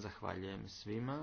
Zahvaljujem svima.